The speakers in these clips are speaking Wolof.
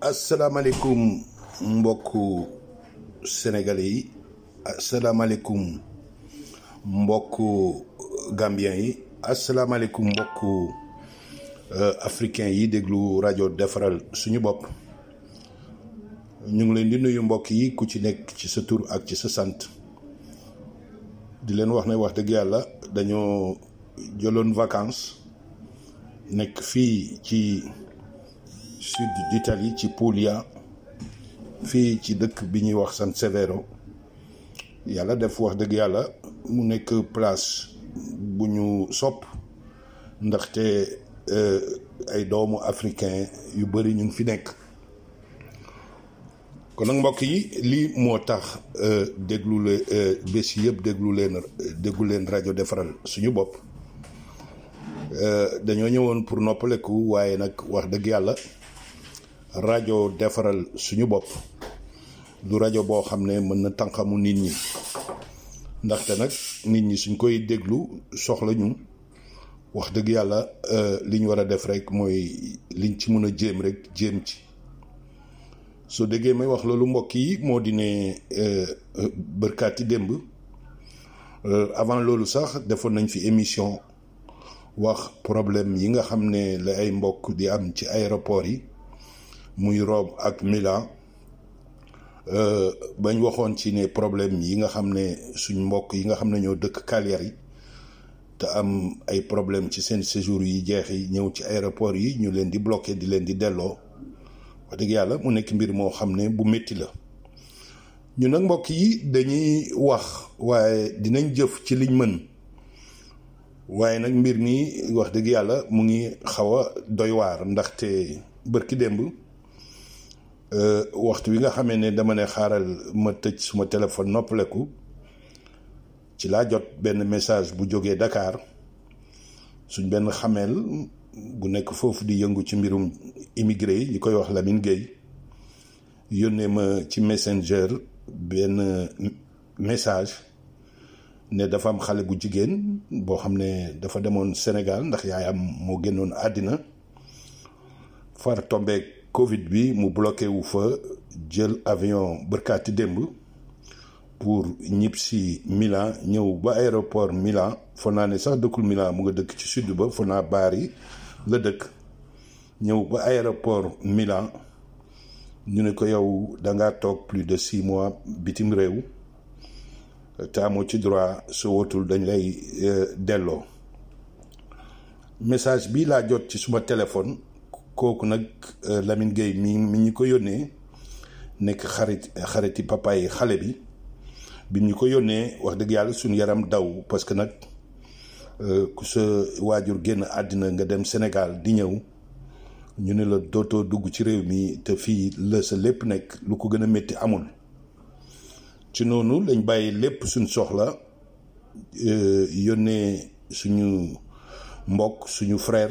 asalaamaaleykum mbokku sénégalais yi asalaamaaleykum mbokku gambien yi asalaamaaleykum mbokku euh, africain yi déglu rajo defaral suñu bopp ñu ngi leen di nuyu mbokk yi ku ci nekk ci sa tur ak ci sa sant di leen wax na wax dëgg yàlla dañoo jëloon vacances nekk fii ci. sud d'Italie ci Puglia fii ci dëkk bi ñuy wax San Severo yàlla def wax dëgg yàlla mu nekk place bu ñu sopp ndaxte euh, ay doomu africain yu bëri ñu ngi fi nekk kon nag mbokk yi lii moo tax euh, déglu le euh, bés yëpp déglu leen déglu leen rajo defaral suñu bopp dañoo ñëwoon pour noppaleku waaye nag wax dëgg yàlla rajo defaral suñu bopp du rajo boo xam ne mën na tànqamu nit ñi ndaxte nag nit ñi suñ koy déglu soxla ñu wax dëgg yàlla euh, li ñu war a def rek mooy liñ ci mën a jéem rek jéem ci soo déggee may wax loolu mbokk yi moo di ne euh, bërkaati démb euh, avant loolu sax defoon nañ fi émission wax problème yi nga xam ne la ay mbokk di am ci aéroport yi muy Rome ak Milan euh, bañ waxoon ci ne problème yi nga xam ne suñ mbokk yi nga xam ñoo dëkk Cagliari te am ay problème ci sen séjour yi jeex yi ñëw ci aéroport yi ñu leen di bloqué di leen di delloo wax dëgg yàlla mu nekk mbir moo xam ne bu métti la ñu nag mbokk yi dañuy wax waaye dinañ jëf ci liñ mën mbir wax mu ngi doy ndaxte Euh, waxtu wi nga xame ne dama ne xaaral ma tëj suma téléphone noppaleku ci laa jot benn message bu jógee dakaar suñ benn xameel bu nekk foofu di yëngu ci mbirum immigré yi koy wax Lamine Gueye yónnee ma ci messenger benn message ne dafa am xale bu jigéen boo xam ne dafa demoon Sénégal ndax yaayam moo génnoon àddina far tombeek Covid bi mu bloqué wu fa jël avion barkati demb pour ñib si Milan ñëw ba aéroport Milan foog naa ne sax dëkkul Milan mu nga dëkk ci sud ba foog naa Bari la dëkk ñëw ba aéroport Milan ñu ne ko yow da nga toog plus de six mois bitim réew te amoo ci droit su watul dañ lay euh, delloo message bi laa jot ci suma téléphone kooku nag euh, Lamine Gueye mi mi ñu ko yónnee nekk xarit xariti papa xale bi bi ñu ko yónnee wax dëgg yàlla suñ yaram daw parce que nag euh, ku sa waajur génn àddina nga dem Sénégal di ñëw ñu ne la dootoo dugg ci réew mi te fii la sa lépp nekk lu ko gën a métti amul ci noonu lañ bàyyi lépp suñ soxla euh, yónnee suñu mbokk suñu frère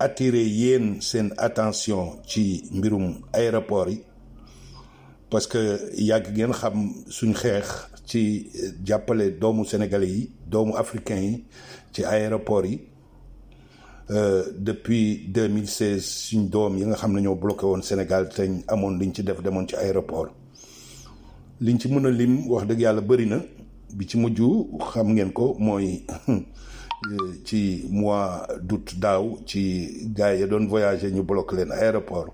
attirer yéen sen attention ci mbirum aéroport yi parce que yàgg ngeen xam suñ xeex ci jàppale doomu sénégalais yi doomu africain yi ci aéroport yi euh, depuis 2016 suñ doom yi nga xam ne ñoo bloqué woon Sénégal te amoon liñ ci def demoon ci aéroport liñ ci mën a lim wax dëgg yàlla bari na bi ci mujj xam ngeen ko mooy Euh, ci mois d'août daaw ci gars yi doon voyager ñu bloqué leen aéroport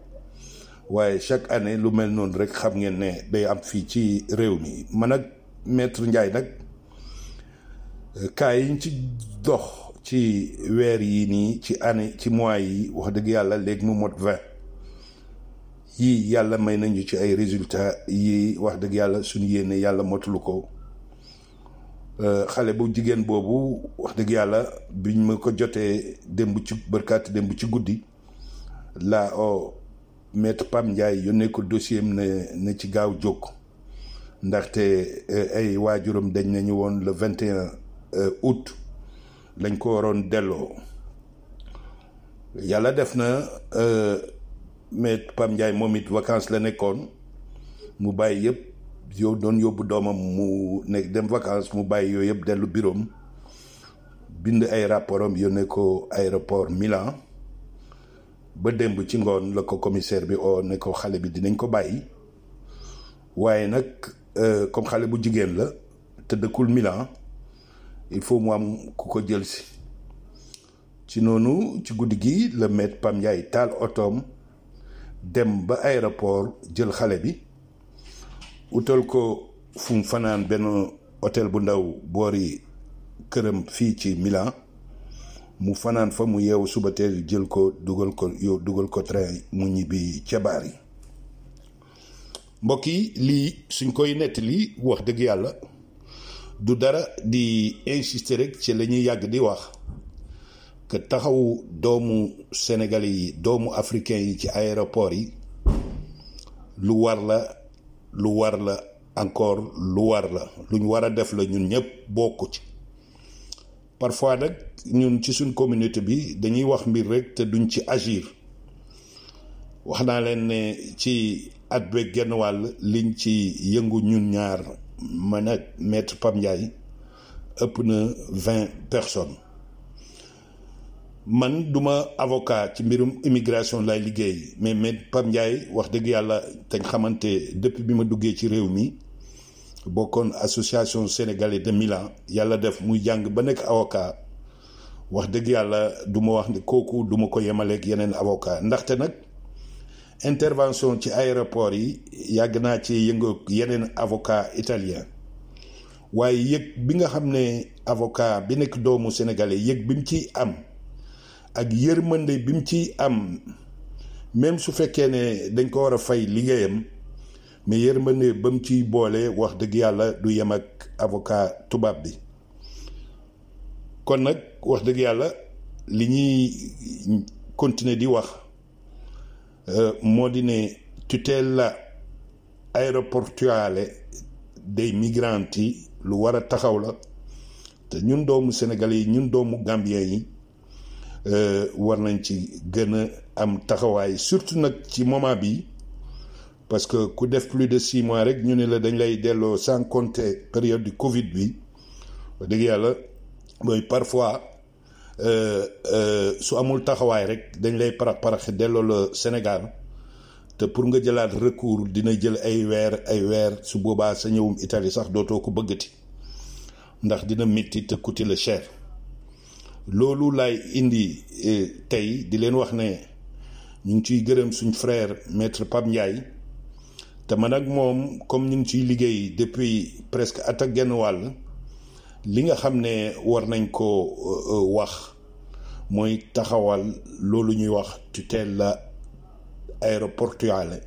waaye chaque année lu mel noonu rek xam ngeen ne day am fii ci réew mi man ak maître Ndiaye nag euh, cas yiñ ci dox ci weer yi nii ci année ci mois yi wax dëgg yàlla léegi mu mot vingt yii yàlla may nañu ci ay résultats yi wax dëgg yàlla suñu yéene yàlla motul ko Euh, xale bu jigéen boobu wax dëgg yàlla biñ ma ko jotee démb ci bërkaati démb ci guddi laa o oh, maître Pam Ndiaye yónnee ko dossier am ne na ci gaaw jóg ndaxte euh, ay waajuram dañ nañu woon le 21 euh, août lañ ko waroon delloo yàlla def na maître Pam Ndiaye moom it vacances la nekkoon mu bàyyi yëpp yow doon yóbbu doomam mu ne dem vacances mu bàyyi yooyu yëpp dellu biroom bind ay neko am ko aéroport Milan ba démb ci ngoon la ko commissaire bi oo ne ko xale bi dinañ ko bàyyi waaye nag euh, comme xale bu jigéen la te dëkkul Milan il faut mu am ku ko jël si ci noonu ci guddi gi le maître Pam Ndiaye taal otoom dem ba aéroport jël xale bi wutal ko fu mu fanaan benn hôtel bu ndaw boori këram fii ci Milan mu fanaan fa mu yeewu suba te jël ko dugal ko yow dugal ko train mu ñibbi ca Bari mbokk yi lii suñ koy nettali wax dëgg yàlla du dara di insister rek ci la ñuy yàgg di wax que taxawu doomu sénégalais yi doomu africain yi ci aéroport yi lu war la lu war la encore lu war la luñ ñu war a def la ñun ñëpp bokku ci parfois nag ñun ci suñ communauté bi dañuy wax mbir rek te duñ ci agir wax naa leen ne ci at beeg genn wàll liñ ci yëngu ñun ñaar man ak maître Pam Ndiaye ëpp na vingt personnes man duma avocat ci mbirum immigration lay liggéey mais mais Pape Ndiaye wax deug yalla tan xamanté depuis bima duggé ci réew mi association sénégalais de Milan yalla def muy jang ba nek avocat wax deug yalla duma wax ni koku duma ko yemalé ak yenen avocat ndaxte n'ak intervention ci aéroport yi yagna ci yëngu yenen avocat italien waye yek bi nga xamné avocat bi nek doomu sénégalais yek bim ci am ak yërmande bi mu ci am même su fekkee ne dañ ko war a fay liggéeyam mais yërmande ba mu ciy boole wax dëgg yàlla du yem ak avocat tubaab bi kon nag wax dëgg yàlla li ñuy continuer di wax euh, moo di ne tutelle aéroportuaire de migrants yi lu war a taxaw la te ñun doomu sénégal yi ñun doomu Gambien yi Euh, war nañ ci gën surtout ci moment parce que plus de six mois rek ñu ne la sans compter période du Covid bi parfois euh, euh, su amul rek dañ lay parax parax Sénégal te pour nga recours dina jël ay ay su Italie sax ko bëggati ndax te le cher loolu lay indi e, tey di leen wax ne ñu ngi ciy gërëm suñ frère maître Pape Ndiaye te man ak moom comme ñu ngi ciy liggéey depuis presque at ak genn wàll li nga xam ne war nañ ko e, e, wax mooy taxawal loolu ñuy wax tutelle la aéroportuaire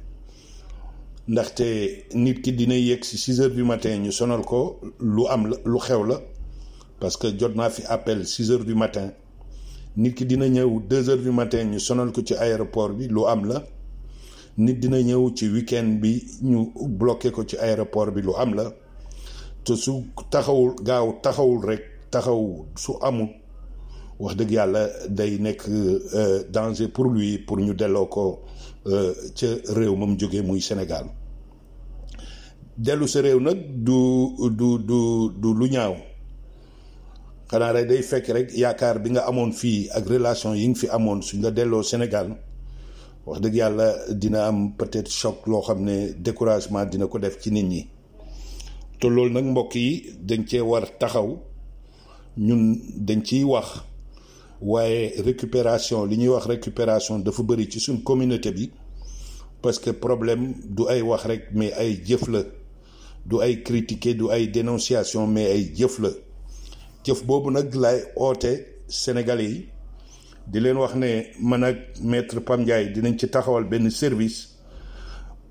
ndaxte nit ki dina yegg si 6 heures du matin ñu sonal ko lu am la lu xew la parce que jotna fi appel 6 heures du matin nit ki dina à 2 heures du matin ñu sonal ko ci aéroport bi lu am la nit dina ci week-end bi ñu bloquer ko ci aéroport bi lu am la te su taxawul gaaw taxawul rek taxaw su amul wax Il yalla day un euh, danger pour lui pour ñu de ko euh, rew Sénégal du du du du xanaa day fekk rek yaakaar bi nga amoon fii ak relation yi nga fi amoon suñ la delloo Sénégal wax dëgg yàlla dina am peut-être choc loo xam ne découragement dina ko def ci nit ñi te loolu nag mbokk yi dañ cee war taxaw ñun dañ ciy wax waaye récupération li ñuy wax récupération dafa bëri ci suñ communauté bi parce que problème du ay wax rek mais ay jëf la du ay critiquer du ay dénonciation mais ay jëf la jëf boobu nag laay oote Sénégalais yi di leen wax ne man ak maître Pam Ndiaye dinañ ci taxawal benn service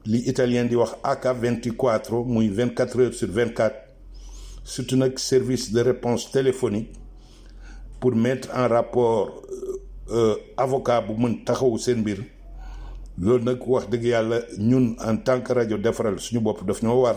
li italien di wax AK 24 muy 24 heures sur 24 surtout nag service de réponse téléphonique pour mettre en rapport euh, avocat bu mën taxaw seen mbir loolu nag wax dëgg yàlla ñun en tant que rajo defaral suñu bopp daf ñoo war.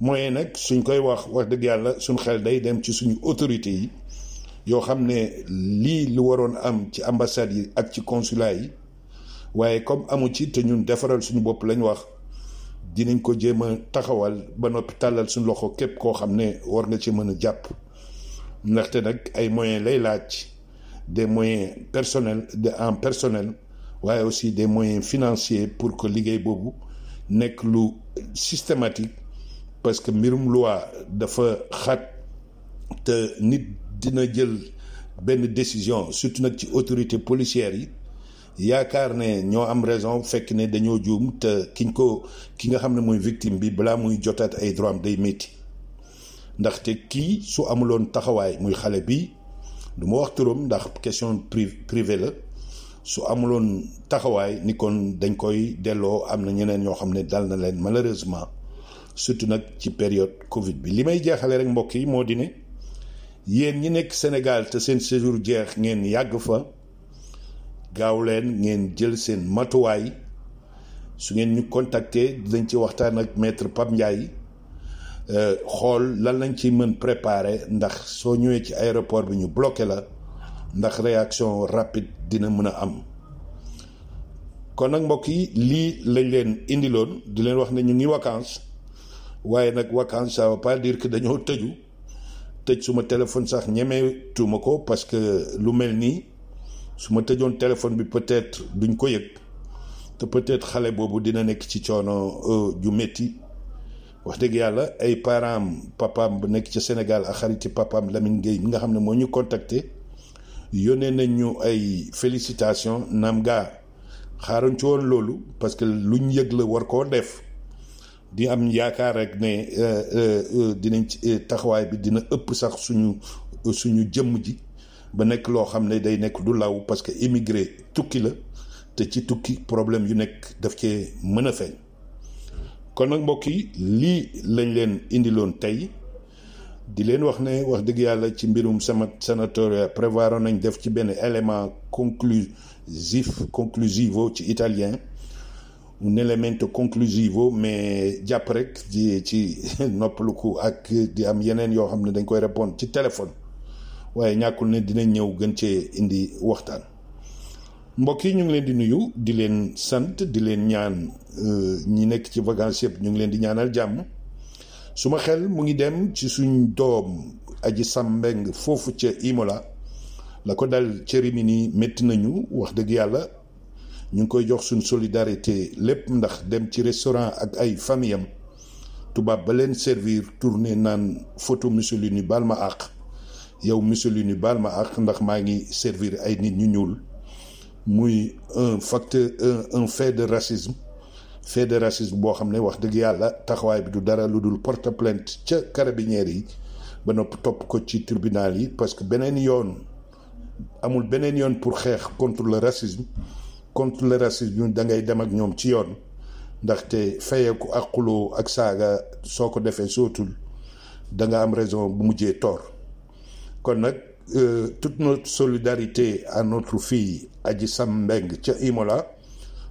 mooy nak suñ koy wax wax deug yalla suñ xel day dem ci suñu autorité yi yo xamné li lu waroon am ci ambassade yi ak ci consulat yi waye comme amu ci te ñun défaral suñu bop lañ wax dinañ ko jéem taxawal ba noppi tàllal suñu loxo kep ko xamné war nga ci mëna japp jàpp ndaxte nak ay moyens lay laaj des moyens personnels de en personnel waye aussi des moyens financiers pour que liggéey bobu nek lu systématique parce que mbirum loi dafa xat te nit dina jël benn décision surtout nag ci autorité policière yi yaakaar ne ñoo am raison fekk ne dañoo juum te kiñ ko ki nga xam ne mooy victime bi balaa muy jotaat ay droit am day métti ndaxte kii su amuloon taxawaay muy xale bi du ma wax turam ndax question privée la su amuloon taxawaay ni kon dañ koy delloo am na ñeneen ñoo xam ne dal na leen malheureusement surtout nag ci période Covid bi li may jeexale rek mbokk yi moo di ne yéen ñi nekk Sénégal te seen séjour jeex ngeen yàgg fa gaaw leen ngeen jël seen matuwaay su ngeen ñu contacter dinañ ci waxtaan ak maître Pape Ndiaye euh, xool lan lañ ci mën préparer ndax soo ñëwee ci aéroport bi ñu bloqué la ndax réaction rapide dina mën a am. kon nag mbokk yi lii lañ leen indiloon di leen wax ne ñu ngi vacances waaye nag veut pas dire que suma téléphone sax parce que lu mel nii bi peut-être duñ ko yëg te peut-être xale boobu dina nekk ci coono euh, ju métti wax dëgg yàlla ay parents bu nekk Sénégal Lamine nga ne moo ñu contacté ay félicitations naam gaa ci parce que luñ la war def di am yaakaar rek ne euh, euh, euh, dinañ ci taxawaay bi dina ëpp sax suñu suñu jëmm ji ba nekk loo xam ne day nekk du law parce que immigré tukki la te ci tukki problème yu nekk daf cee mën a feeñ kon nag mbokk yi lii lañ leen indiloon tey di leen wax ne wax dëgg yàlla ci mbirum sama sanatoria prévoiroon nañ def ci benn élément conclusif conclusivo ci italien un élément conclusivo mais jàpp rek ci ci noppaluku ak di am yeneen yoo xam ne dañ koy répondre ci téléphone waaye ñàkkul ne dina ñëw gën cee indi waxtaan mbokk yi ñu ngi leen di nuyu di leen sant di leen ñaan euh, ñi nekk ci vacances yëpp ñu ngi leen di ñaanal jàmm suma xel mu ngi dem ci suñ doom aji sàmbeng foofu ca Imola la ko dal ca Rimini metti nañu wax dëgg yàlla ñu ngi koy jox suñ solidarité lépp ndax dem ci restaurant ak ay famille tubaab ba leen servir tourné naan photo Mussolini baal ma àq yow Mussolini baal ma àq ndax maa ngi servir ay nit ñu ñuul muy un facteur un un fait de racisme fait de racisme boo xam ne wax dëgg yàlla taxawaay bi du dara lu dul porte plainte ca carabiniers yi ba nopp topp ko ci tribunal yi parce que beneen yoon amul beneen yoon pour xeex contre le racisme contre le racisme ñun da ngay dem ak ñoom ci yoon ndaxte fayeeku ak xuloo ak saaga soo ko defee sootul da nga am raison bu mujjee tort kon nag euh, toute notre solidarité à notre fille Adji Sam Mbengue ca Imola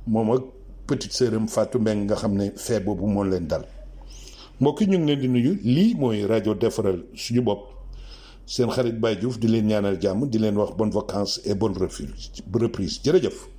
moom ak petite sœuram Fatou mbeng nga xam ne fee boobu moo leen dal mbokk ñu ngi leen di nuyu lii mooy rajo defaral suñu bopp seen xarit Baye Diouf di leen ñaanal jàmm di leen wax bonne vacances et bonne reprise jërëjëf